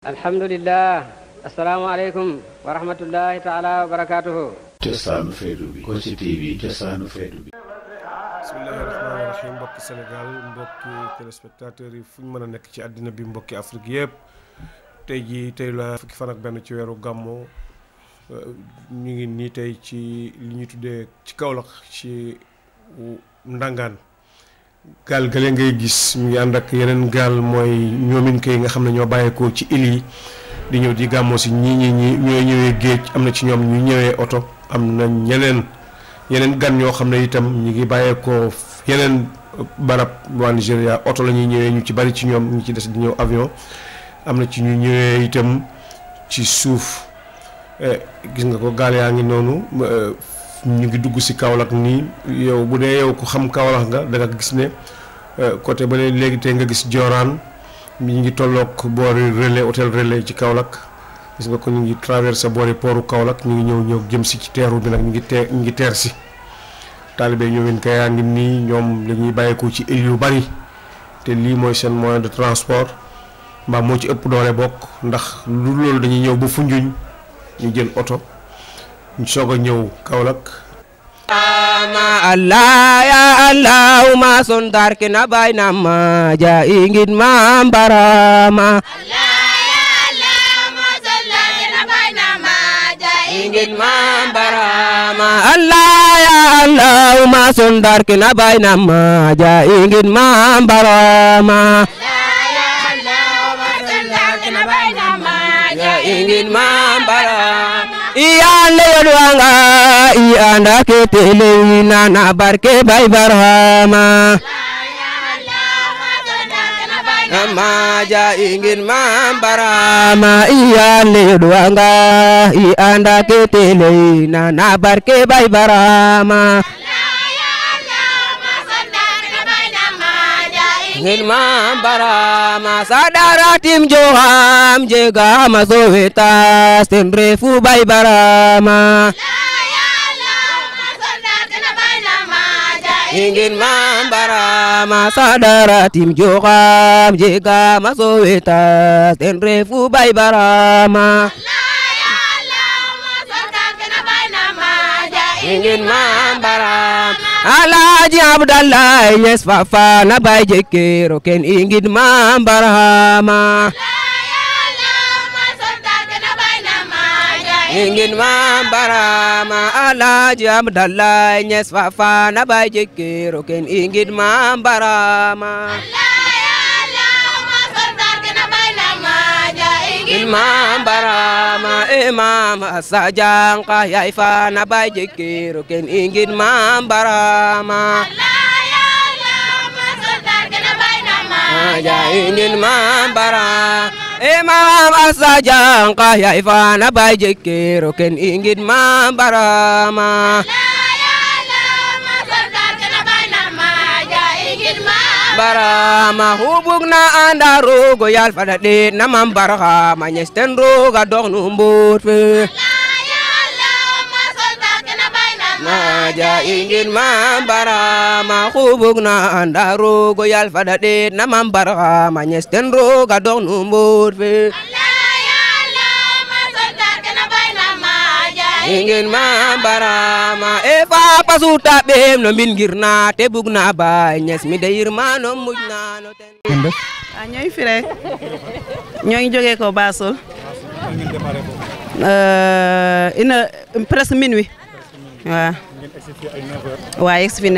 alhamdulillah Assalamualaikum warahmatullahi taala wabarakatuh. barakatuhu cosaanu feetu bi Kossy TV cosaanu feetu bi bismillahi rahmaani rahim mbokki téléspectateurs yi fu ñu mën ci àddina bi mbokki afrique yëpp tey jii tey la fukki fan ak benn ci weeru gàmmoo ñu ngi nii tey ci li ci ci gaal gale ngay gis mu ngi ànd ak yeneen gaal mooy ñoomin kay nga xam ne ñoo bàyyeekoo ci île di ñëw di gàmmoo si ñii ñi ñi ñooy ñëwee géej am na ci ñoom ñu ñëwee oto am na ñeneen yeneen gan ñoo xam ne itam ñu ngi bàyyeekoo yeneen barab waa Nigéria oto la ñuy ñëwee ñu ci bari ci ñoom ñu ci des di ñëw avion am na ci ñu ñëwee itam ci suuf eh, gis nga ko gaal yaa ngi noonu eh, ñu ngi dugg si kawalak ni, yow bu dee yow ku xam kaolak nga da nga gis ne euh, côté ba léegi tey nga gis joraan mi ngi tolloog boori relais hôtel relais ci kaolak gis nga ko ñu ngi traversé boori poru kaolak ñu ngi ñëw ñëw jëm si ci teeru bi nag ñu ngi teer ñu ngi teer si talibé ñoowin kay yaa ngi nii ñoom la ñuy ci île bari te lii mooy seen moyen de transport mbaa moo ci ëpp doole bokk ndax lu loolu dañuy ñëw ba funjuñ ñu jël oto ñu soog a ñëw Kaolack allah ya allah ma ma ja ingin na bay ja ingin ma barama iyande yelwanga iyanda ketelewi nana barke bay barhama maja ingin mambarama iyande yelwanga iyanda ketelewi nana barke bay barhama hilma barama sadaratim joham jegama sowetas ten refu bay barama ingin mambarama sadara tim jokam jika masowetas ten refu bay barama ingin mambarama alaaji abdallahi ñes fafa na bay jekkeero ken i ngid abdallahi ñes fafa na bay jekkeero ken i imam barama imam asajanka yay fana bay jekiro ken ingin mam barama ya ingin mam barama imam asajanka yay fana bay jekiro ken ingin mam barama Allah, barama xubug na anda rogo yal fada ɗe na mam barxama ñesten roga dox nu mboot fe naja ingin mam barama xubug na anda rogo yal fada ɗe na mam barxama ñesten roga dox nu mboot fe ingin ma barama e fa pasuta ɓeem no mbingir na te bug na baay ñes mi deyir ma no muj na no ten a ah, ñooy fire ñoo ngi joge ko Basol eh, une presque minuit waaw waaw egsi fi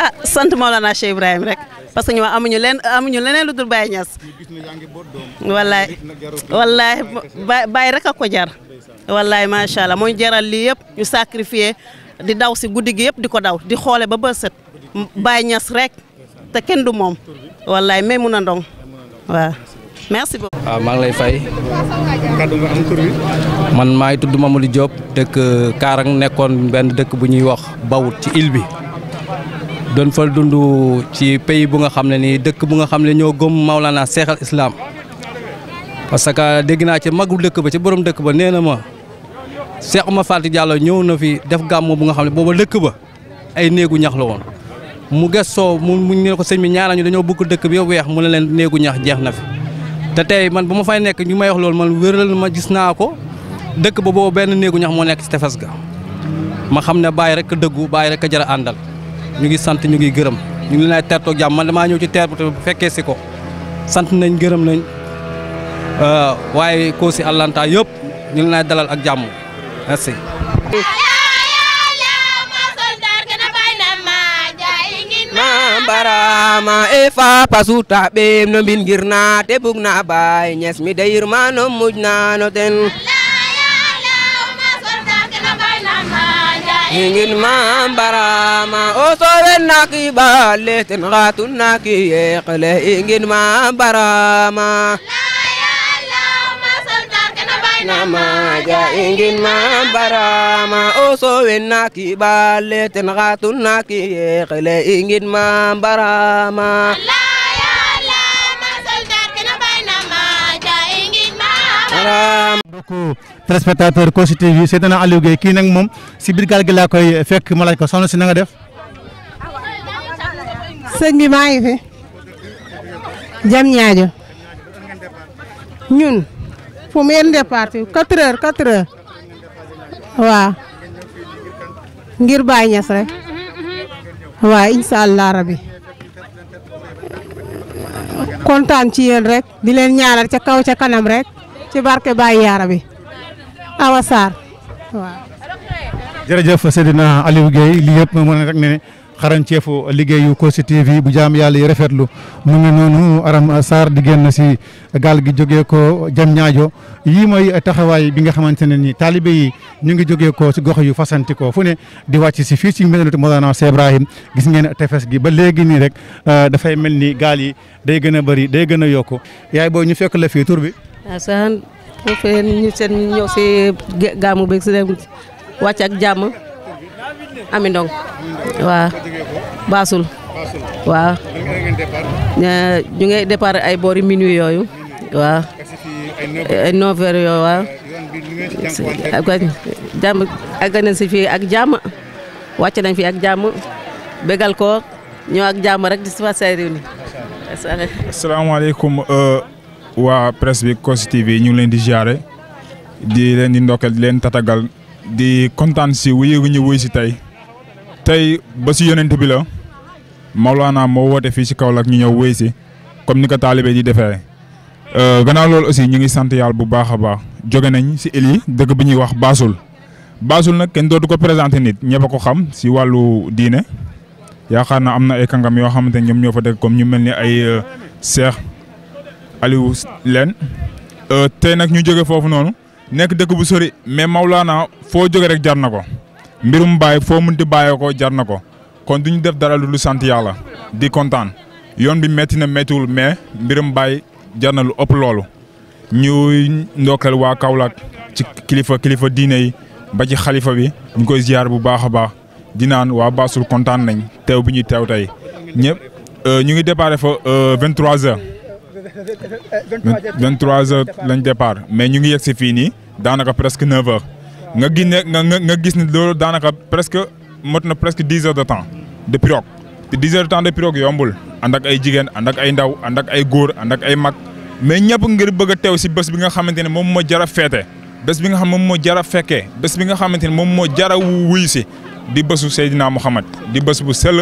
ah, sant Mawlana Cheikh Ibrahim rek parce que ñu amuñu len amuñu leneen lu dul Baye ñass wallahi wallahi Baye rek a ko jar. ma sha allah moy jaral li yëpp ñu sacrifier di daw ci guddi gi diko daw di xolé ba bësët Baye ñass rek te kenn du mom wallahi may mun a ndong wa merci beaucoup. ah maa lay fay. kaddu nga am bi. man may tuddu tudd Mamadou Diop dëkk karang nekkoon benn dëkk bu ñuy wax Bawut ci île bi. Don fa dundu ci pays bu nga xamné ni dekk bu nga xamné ño gom Maulana Cheikh al Islam parce que dégg naa ci magul dekk ba ci borom dekk ba nee ma Cheikh Oumar Fati Diallo ñew na fi def gamu bu nga xamné bobu dekk ba ay neegu ñax la won mu gesso mu ñu ko señ mi ñaara ñu dañoo bëgg dekk bi yëpp weex mu leen neegu ñax jeex na fi te tay man buma fay nek ñu may wax lool man wéral ma gis na ko dekk ba bobu ben neegu ñax mo nek ci tefes ga ma xamne baye rek deggu baye rek jara andal ñu ngi sant ñu ngi gërëm ñu ngi lay ay tertoo jàmm man dama ñëw ci teer bu fekkee si ko sant nañ gërëm nañ euh waye ko ci allanta yëpp ñu ngi leen dalal ak jam merci. barama e fa pasuta ɓe no bin girna te bugna bay nyes mi deir no mujna no ten hingin maam baraama o soowen naaki baale ten xaatun naaki yeeqale hingin maam baraama namaja ingin maam baraama o soowen naaki baale ten xaatun naaki yeeqale hingin maam baraama salaam mbokku téléspectateur Kossy TV seet na Aliou Gueye kii nag moom koy fekk ma def bi fi jam ñaajo ñun fu mu départ 4 heures 4 wa ngir rek allah rabi ci yeen rek di len ñaanal ca kaw ca kanam rek ci barke Baye Yaara bi Awa Sarr waaw. jërëjëf Seydina Aliou Guèye lii yëpp moo ne rek ne xarañceefu liggéeyu Kossy TV bu jam yàlla yi rafetlu mu ngi noonu Arame Sarr di génn si gaal gi jógee ko jam ñaajo yii mooy taxawaay bi nga xamante ne nii taalibe yi ñu ngi jógee ko si gox yu fasanti ko fu ne di wàcc si fii si Médinatu Mawlana Cheikh Ibrahim gis ngeen tefes gi ba léegi nii rek euh, dafay mel ni gaal yi day gën a bëri day gën a yokku yaay booy ñu fekk la fii bi. waaw sax foofu ñu seen ñëw si gàmmu bi si dem wàcc ak jàmm ami ndong waaw baasul waaw ñu ngay départ ay boori minuit yooyu waaw ay neuf yooyu waaw jàmm àgg nañ si ak jàmm wàcc nañ fi ak jàmm bégal ko ñëw ak jàmm rek di si fa say réew ni asalaamaaleykum euh, wa presse bi Kossy TV ñu leen di jaare di leen di di leen tatagal di kontaan si wuyu gu ñu wuy si tay, tay ba si yonent bi la Maulana moo woote fii si Kaolack ñu wuy si comme ni ko taalibe di defee. Euh, gannaaw loolu aussi ñu ngi sant yàlla bu baax baax jóge nañ si Eli yi bi wax Baasul Baasul nag kenn dootu ko présenté nit ñëpp ko xam si wàllu diine yaakaar naa am ay kàngam yoo xamante ne ñoom comme ñu ay euh, Aliou Len euh, tey nag ñu jóge foofu noonu nekk dëkk bu sori mais Maulana foo jóge rek jar na ko mbirum bàyyi foo munti bàyyee ko jar na ko kon du ñu def dara lu sant yàlla di kontaan yoon bi métti na méttiwul mais mbirum bàyyi jar na lu ëpp loolu. ñu ndokkal waa Kaolack ci kilifa kilifa diine yi ba ci xalifa bi ñu koy ziar bu baax a baax di naan waa Bassoul kontaan nañ teew bi ñuy teew tey ñëpp euh, ñu ngi déparé fa 23h. Euh, 23 heures lañ départ mais ñu ngi yexi fi ni danaka presque 9 heures nga gis ne nga gis ni lolu danaka presque motna presque 10 heures de temps de pirogue te 10 heures de temps de pirogue yombul andak ay jigen andak ay ndaw andak ay góor andak ay mag mais ñepp ngir bëgg tew ci bëss bi nga xamante mom mo jara fété bëss bi nga xam mom mo jara féké bëss bi nga xamante mom mo jara jar a di bëssu sayyidina muhammad di bëss bu sel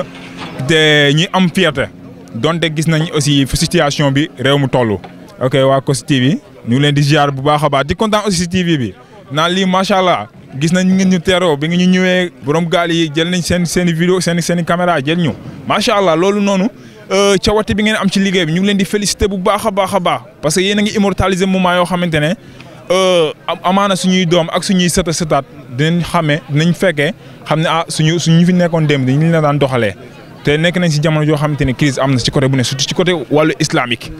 te ñi am fierté donte gis nañ aussi situation bi réew mu toll. ok waa Kossy TV ñu ngi leen di ziar bu baax a baax di kontaan aussi si TV bi naa lii macha allah gis nañ ñu ngi ñu bi nga ñu ñëwee borom gaal yi jël nañ seen seen i seen seen i caméra jël macha allah loolu noonu. Euh, cawate bi ngeen am ci liggéey bi ñu ngi leen di félicité bu baax a baax a baax parce que yéen a ngi immortaliser moment yoo xamante ne euh, amaana suñuy doom ak suñuy sëta sëtaat dinañ xamee dinañ fekkee xam ne ah suñu suñu fi nekkoon démb dañu leen daan doxalee. te nekk nañ si jamono joo xamante ne crise am na si côté bu ne surtout ci côté wàllu islamique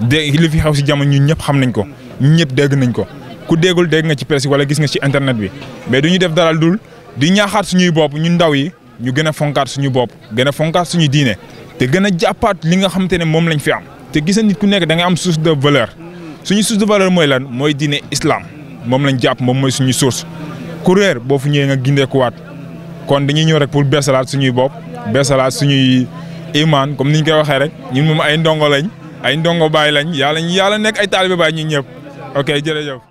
de li fi xaw si jamono ñun ñëpp xam nañ ko ñun ñëpp dégg nañ ko ku déggul dégg nga ci presse wala gis nga ci internet bi mais du ñu def dara dul di ñaaxaat suñuy bopp ñu ndaw yi ñu gën a fonkaat suñu bopp gën a fonkaat suñuy diine te gën a jàppaat li nga xamante ne moom lañ fi am te gis na nit ku nekk da am source de valeur suñu source de valeur mooy lan mooy diine islam moom lañ jàpp moom suñu source ku réer ñëwee nga gindeekuwaat kon dañuy ñëw rek pour beesalaat suñuy bop beesalaat suñuy iman comme niñ koy waxé rek ñun moom ay ndongo lañ ay ndongo bay lañ yalla ñu yàlla nekk ay talibé bay ñun ñëpp ok jëre jëf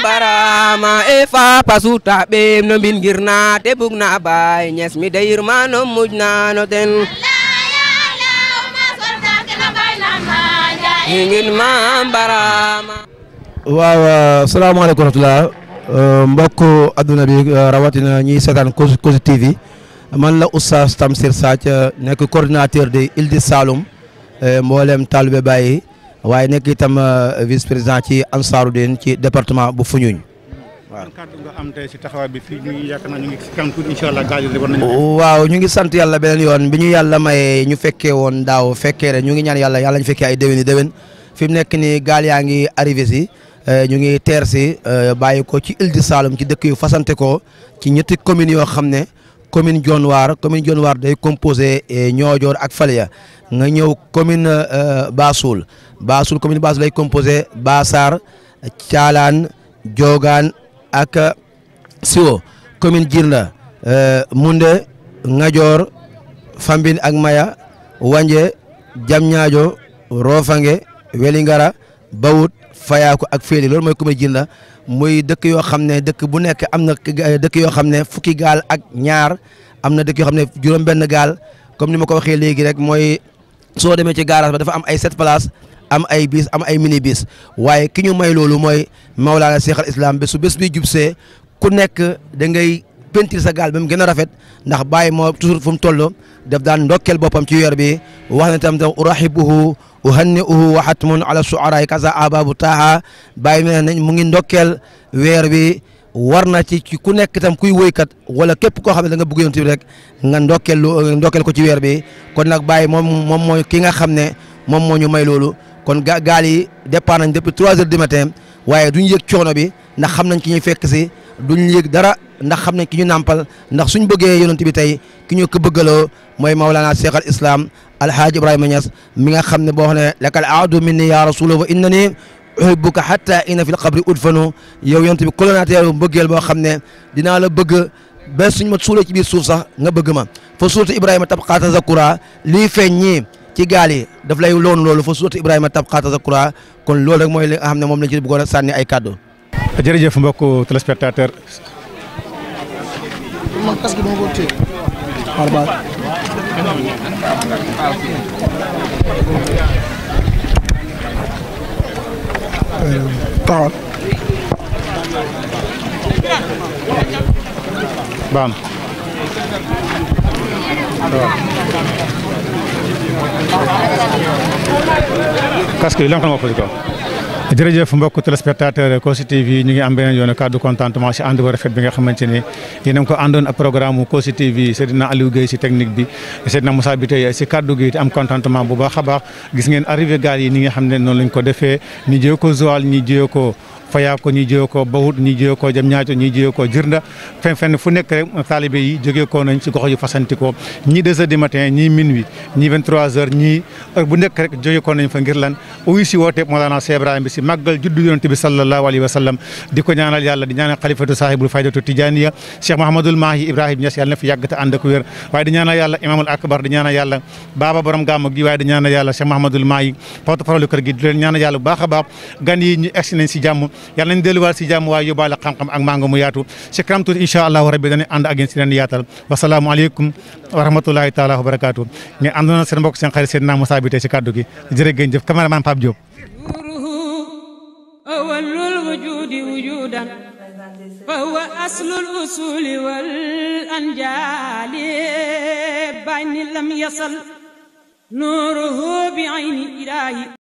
barama e fa pasuta be no bin girna te bugna bay ñes mi deyirma no mujna no ten ingin ma e barama waaw salaamaaleykum rahmatulah euh, mbokk adduna bi euh, rawatina ñiy seetaan Kossy TV man la oustaz Tamsir Sadj euh, nekk coordinateur de Île du Saloum mboolem taalibe Baye waaye nekk itam vice président ci Ansaarud-Din ci département bu Foundiougne waaw. waaw ñu ngi sant yàlla beneen yoon bi ñu yàlla maye ñu fekkee woon daaw fekkee ñu ngi ñaan yàlla yàlla ñu fekkee ay déwén i fi mu nekk nii gaal yaa ngi arrivé Euh, ñu ngi teer si euh, bàyyi ko ci île du ci dëkk yu fasante ko ci ñetti communes yoo xam ne commune Dionewar commune war day composé euh, Niodior ak Falia nga ñëw commune Bassoul Bassoul commune Bassoul day composé Bassar Thialane Diogan ak Siwo commune Djirnda Moundé Ngadior Fambine ak Maya Wanje Diamniadio Rofangue Welingara Bawut fayaaku ak féeli loolu mooy comédien la mooy dëkk yoo xam ne dëkk bu nekk am na dëkk yoo xam ne fukki gaal ak ñaar am na dëkk yoo xam ne juróom-benn gaal comme ni ma ko waxee léegi rek mooy soo demee ci garage ba dafa am ay sept places am ay bis am ay mini bis waaye ki ñu may loolu mooy Mawlaana Seexal Islam bi su bés bi jubsee ku nekk dangay pentir sa gaal ba mu gën a rafet ndax bàyyi moo toujours fu mu toll def daan ndokkel boppam ci weer bi wax na tam tam urahibuhu uhanniuhu wa hatmun ala suaraay kaza ababu taaha bàyyi me nañ mu ngi ndokkel weer bi war na ci ci ku nekk itam kuy woykat wala képp koo xam ne da nga bëgg yonent rek nga ndokkel lu ko ci weer bi kon nag bàyyi moom moom mooy ki nga xam ne moom moo ñu may loolu kon ga gaal yi départ nañ depuis trois heures du matin waaye du duñ yëg coono bi ndax xam nañ ki ñuy fekk si duñ dara ndax xamne ki ñu nàmpal ndax suñu bëgge yonent bi tay ki ñu ko bëggalo moy maulana Cheikh al Islam al Alhaaj ibrahim Niass mi nga xamne bo xone lakal aadu minni ya rasul wa innani uhibbuka hatta ina fil qabri udfanu yow yonent bi colonataire mbëggeel bëggel bo xamne dina la bëgg ba suñu ma suule ci bi suuf sax nga bëgg ma fa suuratu ibrahim tabqa tazakura li feeñ ñii ci gaal yi daf lay loon loolu fa suuratu ibrahim tabqa tazakura kon loolu rek moy li nga xamne mom la ci bëggoon sànni ay cadeau jërëjëf mbokk téléspectateur makas gi mo bam kas ke hilang kan waktu itu jërëjëf mbokk téléspectateur Kossy TV ñu ngi am beneen yoon kàddu contentement si ànd bu rafet bi nga xamante ni yéen a ngi ko àndoon ak programme Kossy TV Seydina Aliou Guèye si technique bi Seydina Moussa bi tey si kàddu gi am contentement bu baax a baax gis ngeen arrivé gaal yi ni nga xam ne noonu lañ ko defee ñu jiyee ko Joal ñu jiyee ko faya ko ñi jóge ko ko jam ñaaco ñi jóge ko jirnda fen fenn fu nekk rek taalibe yi jóge ko nañ ci gox yu fasantikoo ñi deux heures ñi minuit ñi vingt-trois heures ñi bu nekk rek ko nañ fa ngir lan uyu si woote Mawlana Cheikh bi si màggal juddu yonent bi sallallahu alayhi wa di ko ñaanal yàlla di ñaanal xalifatu saahibul faydatu tijaniya Cheikh Mahamadul Mahi Ibrahima Niass yàlla fi yàgg te ànd ak waaye di ñaanal yàlla imaamul akbar di ñaanal yàlla baaba borom a yàlla nañ delluwaat si jàmm waaye yóbbaale xam-xam ak màngo mu yaatu si kanam tuuti incha allahu rabbi danañ ànd ak yéen si leen yaatal wasalaamaaleykum wa rahmatulahi taala wa barakaatu mais àndoon na seen mbokk seen xarit seen naa Moussa bi tey si kàddu gi jërë ngeen jëf cameraman Pape Diop فهو أصل الأصول والأنجال بعين لم يصل نوره بعين إلهي